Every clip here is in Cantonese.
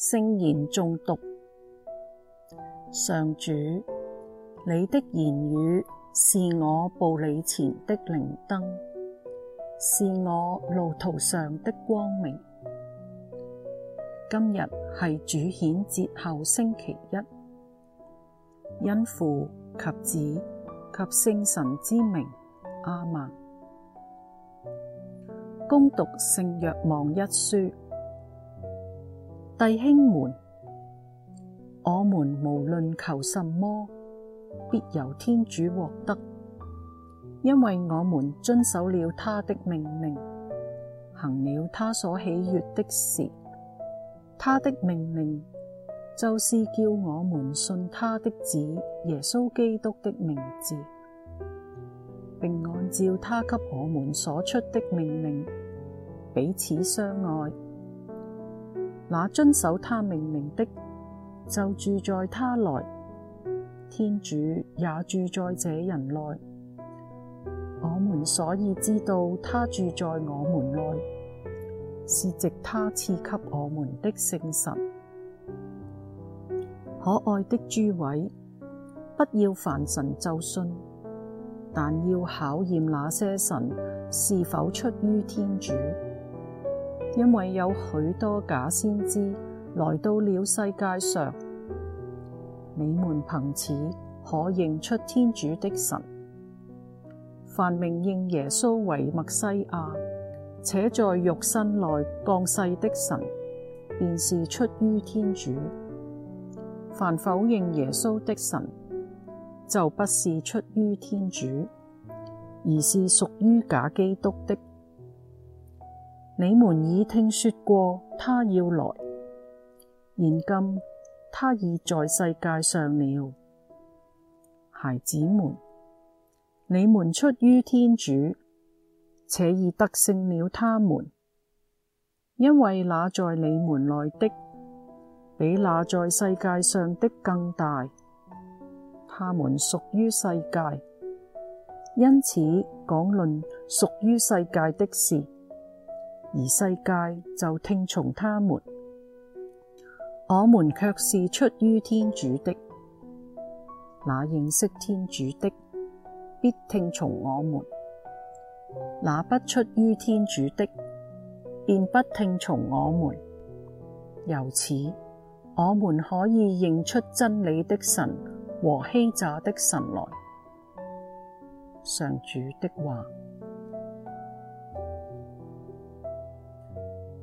聖言誦讀。上主，你的言語是我步履前的靈燈，是我路途上的光明。今日係主顯節後星期一，因父及子及聖神之名，阿們。恭讀聖若望一書。弟兄們，我們無論求什麼，必由天主獲得，因為我們遵守了他的命令，行了他所喜悅的事。他的命令就是叫我們信他的子耶穌基督的名字，並按照他給我們所出的命令，彼此相愛。那遵守他命令的，就住在他內，天主也住在這人內。我們所以知道他住在我們內，是藉他賜給我們的聖神。可愛的諸位，不要凡神就信，但要考驗那些神是否出於天主。因為有許多假先知來到了世界上，你們憑此可認出天主的神。凡明認耶穌為默西亞，且在肉身內降世的神，便是出於天主。凡否認耶穌的神，就不是出於天主，而是屬於假基督的。你們已聽說過他要來，現今他已在世界上了。孩子們，你們出於天主，且已得勝了他們，因為那在你們內的比那在世界上的更大。他們屬於世界，因此講論屬於世界的事，而世界就聽從他們，我們卻是出於天主的。那認識天主的必聽從我們，那不出於天主的便不聽從我們。由此，我們可以認出真理的神和欺詐的神來。上主的話。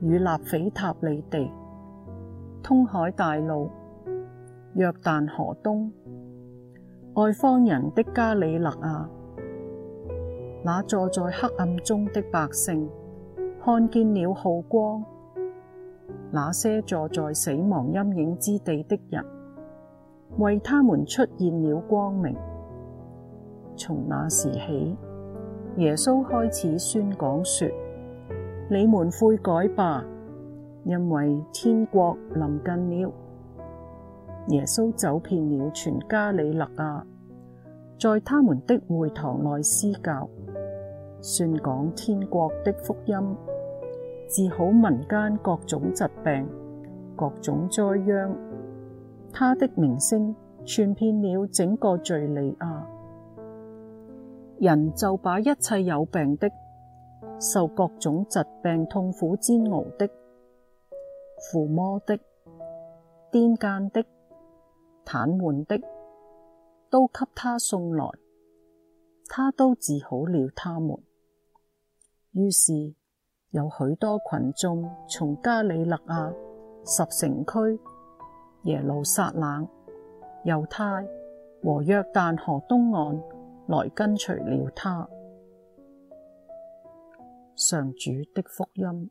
與納斐塔里地、通海大路、約旦河東、外方人的加里肋亞，那坐在黑暗中的百姓看見了浩光；那些坐在死亡陰影之地的人，為他們出現了光明。從那時起，耶穌開始宣講說。你們悔改吧，因為天國臨近了。耶穌走遍了全加里肋亞，在他們的會堂內施教，宣講天國的福音，治好民間各種疾病、各種災殃。他的名聲傳遍了整個敘利亞，人就把一切有病的。受各種疾病痛苦煎熬的、附魔的、癲癎的、癱瘓的，都給他送來，他都治好了他們。於是有許多群眾從加里肋亞十城區、耶路撒冷、猶太和約旦河東岸來跟隨了他。上主的福音。